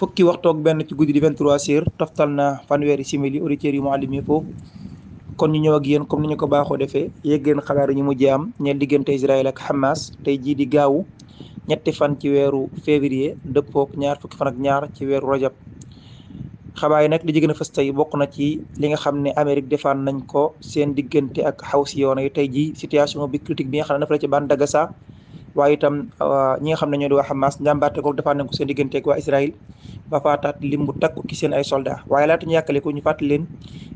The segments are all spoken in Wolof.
fukki waxtoog benn ci guddi di 23h toftal na fanweeri simili auditeurs yu Mouhalim yi foofu kon ñu ñëw ak yéen comme ni ñu ko baaxoo defee yegg ngeen xabaar ñu mujjee am ñeel diggante Israël ak Hamas tey jii di gaawu ñetti fan ci weeru février dëppook ñaar fukki fan ak ñaar ci weeru rajab xabaar yi nag li ci gën a tey bokk na ci li nga xam ne Amérique defaan nañ ko seen diggante ak Houthi yoon yi tey jii situation bi critique bi nga xam ne dafa la ci bande de Gaza waaye itam ah, ñi nga xam ne ñoo di waa Hamas njàmbaarte ko defaan nañ ko seen diggante ak waa Israël ba faataat lim bu takku ci seen ay soldats waaye laata ñu yàkkale ko ñu fàttali leen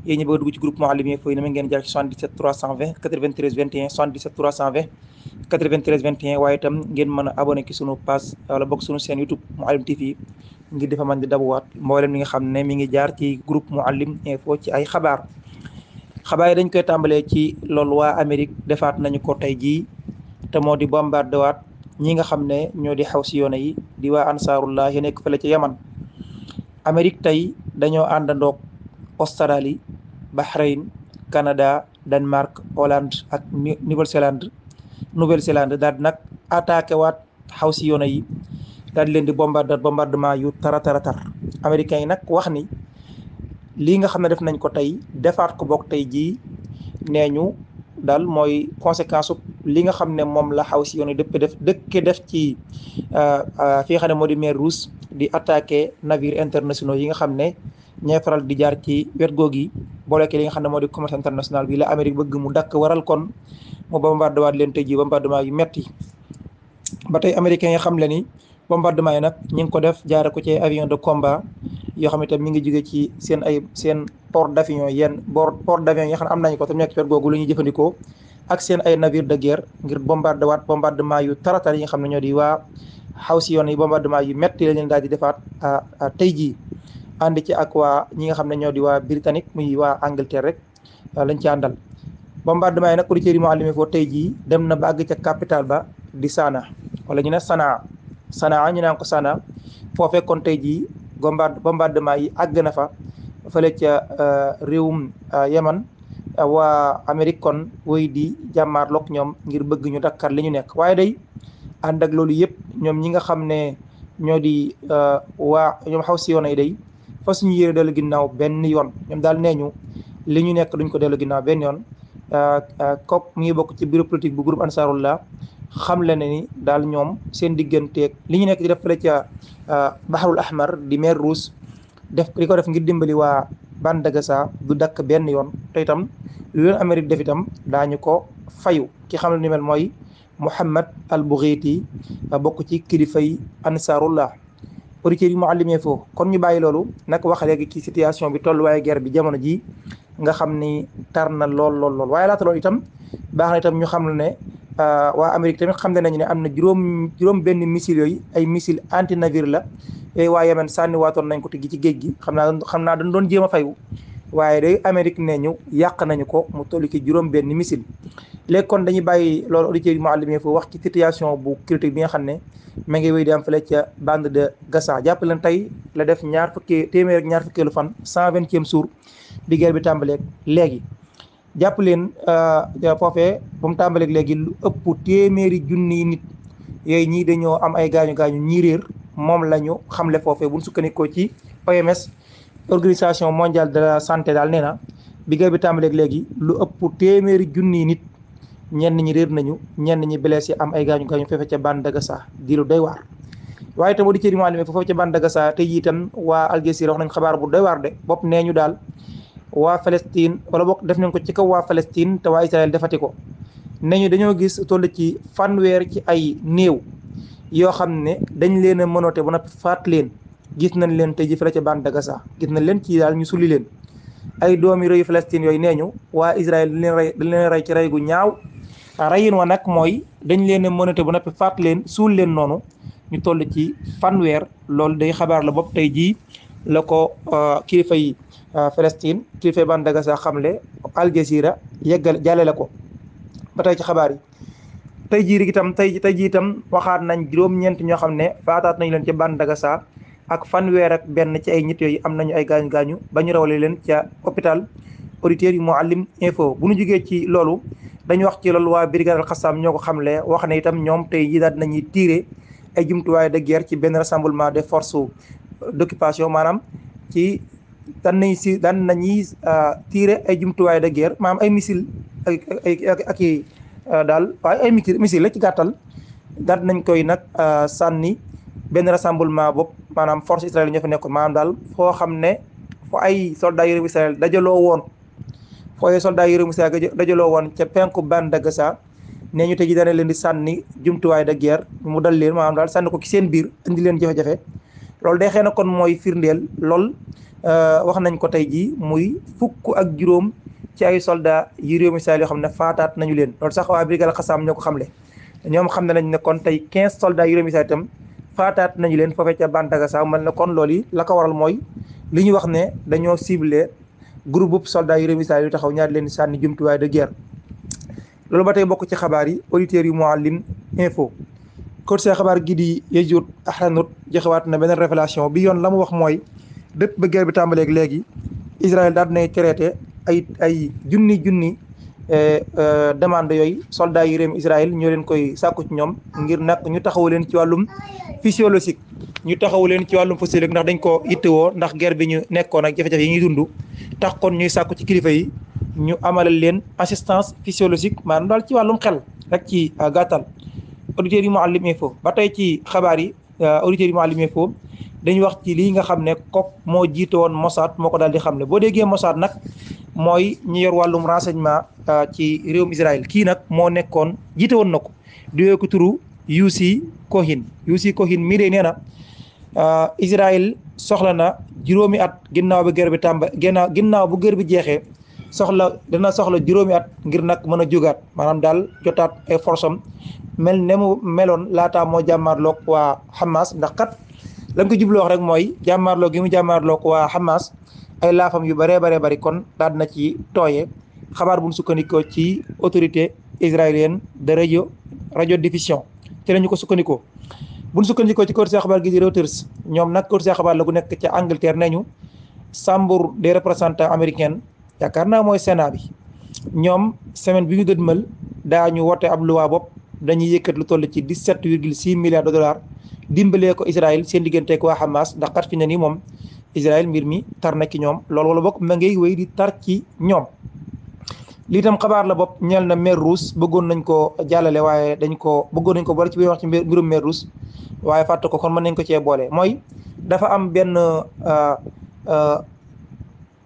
yéen ñi bëgg a dugg ci groupe Mouhalim Infos yi na ma ngeen jaar ci 77 320 93 21 77 320 93 21 waaye itam ngeen mën a abonné ci sunu page wala bokk sunu chaîne YouTube Mouhalim TV ngir dafa mën di dabuwaat mboolem li nga xam ne mi ngi jaar ci groupe Mouhalim Infos ci ay xabaar xabaar yi dañ koy tàmbalee ci loolu waa Amérique defaat nañu ko tey jii te moo di bombardé waat ñi nga xam ne ñoo di xaw si yoone yi di waa ansaarullah yi nekk fële ca yaman Amérique tey dañoo àndandoog Australie Bahrain Canada Danemark Hollande ak Nouvelle-Zélande Nouvelle-Zélande daal di nag attaqué waat si yoona yi daal leen di bombardé bombardement yu tara tara tar américains yi nag wax ni lii nga xam ne def nañ ko tey defaat ko bokk tey ji nee ñu daal mooy conséquence li nga xam ne moom la xaw si yoon dëpp def dëkke def ci euh, euh, fi nga xam ne moo di mer Rouge di attaqué navire internationaux yi nga xam ne ñooy di jaar ci wet googu yi boole ki li nga xam ne moo di commerce international bi la Amérique bëgg mu dakk waral kon moo bombardé waat leen tey jii bombardement yu metti ba tey américains yi xam le ni bombardement yi nag ñu ngi ko def jaare ko ci avion de combat yoo xam ne tam ngi jóge ci seen ay seen port d'avion yenn bord port d'avion yoo xam ne am nañu ko tam nekk ci wet googu la ñuy jëfandikoo ak seen ay navire de guerre ngir bombardé waat bombardement yu taratar yi nga xam ne ñoo di waa Houthi yoon yi bombardement yu metti la leen daal di defaat tey jii ànd ci ak waa ñi nga xam ne ñoo di waa Britannique muy waa Angleterre rek lañ ci àndal bombardement yi nag auditeurs yi Mouhalim Info tey jii dem na ba àgg ca capital ba di saana wala ñu ne Sanaa Sanaa ñu naan ko Sanaa foofee kon tey jii bombardement yi àgg na fa fële ca euh, réewum euh, Yemen waa Amérique kon woy di jàmmaarloog ñoom ngir bëgg ñu dakkar li ñu nekk waaye day ànd ak loolu yëpp ñoom ñi nga xam ne ñoo di euh, waa ñoom xaw si yoon ay day fa suñu yére dellu ginnaaw benn yoon ñoom daal nee ñu li ñu nekk duñ ko dellu ginnaaw benn yoon kook mi ngi bokk ci bureau politique bu groupe Ansarullah xam le ne ni daal ñoom seen digganteeg li ñu nekk di def ca Euh, Bahrul Ahmar di mer Rouge def di ko def ngir dimbali waa Bandagasa du dakk benn yoon te itam lu leen Amérique def itam ñu ko fayu ki xam ni mel mooy Mouhamed al Boughiti bokk ci kilifay Ansaarullah auditeurs yi mu àllimee foofu kon ñu bàyyi loolu nak wax léegi ci situation bi tollu waaye guerre bi jamono ji nga xam ni tar na lool lool lool waaye laata loolu itam baax na itam ñu xam ne Euh, waa Amérique tamit xam nañu ne am na juróom juróom benn missile yooyu ay missile anti navire la yooyu eh, waa Yemen sànni waatoon nañ ko te gi ci géej gi xam naa xam naa dañ doon jéem a fayu waaye day Amérique nee ñu yàq nañu ko mu toll ci juróom benn missile léegi kon dañuy bàyyi loolu auditeurs yi Mouhalim Info wax ci situation bu critique bi nga xam ne ma ngi wéy di am ca bande de Gaza jàppaleen tey la def ñaar fukki téeméer ak ñaar fukkeelu fan cent vingtième jour bi guerre bi tàmbalee léegi jàpp leen euh, foofee ba mu tàmbaleeg léegi lu ëpp téeméeri junni nit yooyu ñii dañoo am ay gaañu gaañu ñii réer moom lañu ñu xamle foofe bu ñu sukkandikoo ci OMS organisation mondiale de la santé daal nee na liggéey bi tàmbaleeg léegi lu ëpp téeméeri junni nit ñenn ñi réer nañu ñenn ñi blessé am ay gaañu gaañu fefe ca bande de Gaza di lu doy waar. waaye itam auditeurs yi mu àllime foofu ca bande de Gaza te itam waa Al wax nañ xabaar bu doy waar de bopp nee ñu daal. waa Palestine wala bokk def nañ ko ci kaw waa Palestine te waa Israël defati ko ne ñu dañoo gis toll ci fanweer ci ay néew yoo xam ne dañ leen a mënoote ba noppi faat leen gis nañ leen te ji fële ca bande de Gaza gis nañ leen ci daal ñu sulli leen ay doomi réyu Palestine yooyu nee ñu waa Israël dañ leen rey dañ rey ci rey gu ñaaw reyin wa nag mooy dañ leen a mënoote ba noppi faat leen suul leen noonu ñu toll ci fanweer loolu day xabaar la bopp tey jii la ko euh, kilifa yi Euh, Palestine kilifa ban daga sa xamle Al Jazeera yeggal jàllale ko ba tey ci xabaar yi tey jiir rek itam tey tey jii waxaat nañ juróom-ñeent ñoo xam ne faataat nañ leen ci ban daga sa ak fanweer ak benn ci ay nit yooyu am nañu ay gaañu gaañu ba ñu rawale leen ca hôpital auditeurs yu Mouhalim info bu ñu jugee ci loolu dañu wax ci loolu waa brigade al Qassam ñoo ko xamle wax ne itam ñoom tey jii daal nañuy tiire ay jumtuwaay de guerre ci benn rassemblement des forces d'occupation maanaam ci daan nañ si daan ah, tiire ay jumtuwaay de guerre maanaam ay missile ay ay ah, daal waaye ay missile la ci gàttal daan nañ koy nag ah, sànni benn rassemblement bopp maanaam force israël ñoo fa nekkoon maanaam daal foo xam ne fu ay soldats yu réew israël dajaloo woon foo ay soldats yu réew israël dajaloo woon ca penku bande de Gaza nee ñu te jii daan leen di sànni jumtuwaay de guerre mu dal leen maanaam daal sànni ko ci seen biir indi leen jafe-jafe loolu day xëy na kon mooy firndeel lool Euh, wax nañ ko tey jii muy fukk ak juróom ci ay soldat yi réew mi Israël yoo xam ne faataat nañu leen loolu sax waa Brigade Qassam ñoo ko xamle ñoom xam ne nañ ne kon tey quinze soldats yi réew faataat nañu leen foofee ca Bandagasa mel na kon loolu yi la ko waral mooy li ñu wax ne dañoo ciblé groupe bu soldats yu réew mi yu taxaw ñaari leen sànni jumtuwaay de guerre loolu ba tey bokk ci xabaar yi auditeurs yu Mouhalim info courte xabaar gi di Yajud Axanut joxewaat na beneen révélation bi yoon la mu wax mooy dëpp ba guerre bi tàmbaleek léegi Israël daal dinay traité ay ay junni junni eh, eh, demande yooyu soldats yi réem Israël ñoo leen koy sàkku ci ñoom ngir nag ñu taxaw leen ci wàllum physiologique ñu taxaw leen ci wàllum physiologique ndax dañ koo ittewoo ndax guerre bi ñu nekkoon ak jafe-jafe yi ñuy dundu tax kon ñuy sàkku ci kilifa yi ñu amala leen assistance physiologique maanaam daal ci wàllum xel rek ci ah, gàttal auditeurs yi Mouhalim Info ba tey ci xabaar yi Euh, auditeurs yi Mouhalim FM dañu wax ci lii nga xam ne kook moo jiite woon Mossad moo ko daal di xam ne boo déggee Mossad nag mooy ñu yor wàllum renseignement euh, ci réewum Israël kii nag moo nekkoon jiite woon na ko di wéy ko turu Yossi Cohen Yossi Cohen nee na euh, Israël soxla na juróomi at ginnaaw bi guerre bi tàmba ginnaaw bu guerre bi jeexee. soxla dina soxla juróomi at ngir nag mën a jugaat maanaam daal jotaat ay force mel ne mu meloon laataa moo jàmmaarloog waa Hamas ndax kat lañ ko jubloo rek mooy jàmmaarloog gi mu jàmmaarloog waa Hamas ay laafam yu bare baree bari kon daal dina ci tooye xabaar bu sukkandikoo ci autorité israélienne de radio radio diffusion ci la ñu ko sukkandikoo bu ñu sukkandikoo ci kër xabaar gi di Reuters ñoom nag kër xabaar la nekk ca Angleterre nañu chambre des représentants américaine yaakaar naa mooy Sénat bi ñoom semaine bi ñu dëdmal daa ñu wote ab luwaa bopp dañuy yëkkat lu toll ci dix sept virgule six milliards de dollars dimbalee ko Israël seen digganteeg waa Hamas ndax xat fi ne ni moom Israël mbir mi tar na ci ñoom loolu wala bokk ma ngay wéy di tar ci ñoom lii tam xabaar la bopp ñeel na mer Rousse bëggoon nañ ko jàllale waaye dañ ko bëggoon nañ ko boole ci biir wax ci mbirum mer Rousse waaye fàtte ko kon mën nañ ko cee boole mooy dafa am benn euh, euh,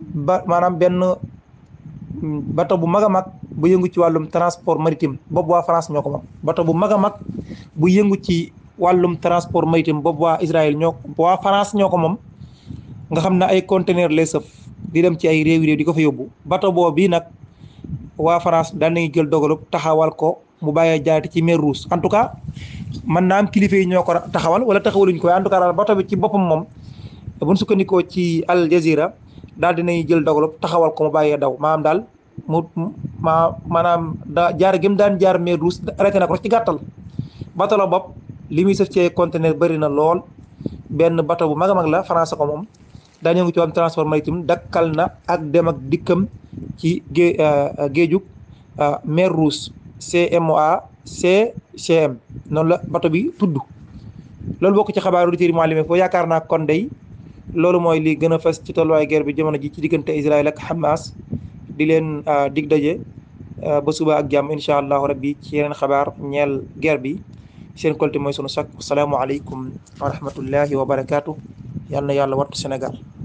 ba maanaam benn mm, bato bu mag a mag bu yëngu ci wàllum transport maritime boobu waa France ñoo ko moom bato bu mag a mag bu yëngu ci wàllum transport maritime boobu waa Israël ñoo waa France ñoo ko moom nga xam ne ay conteneur le sëf di dem ci ay réew réew di ko fa yóbbu bato boobu nag waa France daan nañu jël dogalub taxawal ko mu bàyyee jaarati ci mer Rouge en tout cas mën naa kilifa yi ñoo ko taxawal wala taxawaluñ ko en tout daal bato bi ci boppam moom buñ sukkandikoo ci Al daal dinañ jël dogalub taxawal ko mu bàyyee daw maam daal mu ma maanaam da jaar gi daan jaar mer Rouge arrêté na ko ci gàttal batalo bopp li muy sëf ci conteneur bëri na lool benn bato bu mag mag la France ko moom daa ñëw ci wàllum transport maritime dakkal na ak dem ak dikkam ci gée euh, euh, géejug euh, mer Rouge CMOA noonu la bato bi tudd loolu bokk ci xabaaru auditeurs yi mu àllime foo yaakaar naa kon day loolu mooy li gën a fes ci tolluwaay guerre bi jamono ji ci diggante Israël ak Hamas di leen ah, dig daje ah, ba suba ak jàmm incha allahu rabbi ci yeneen xabaar ñeel guerre bi seen colté mooy sunu sakk salaamualeykum wa rahmatullahi wa barakaatu yal na yàlla wattu Sénégal.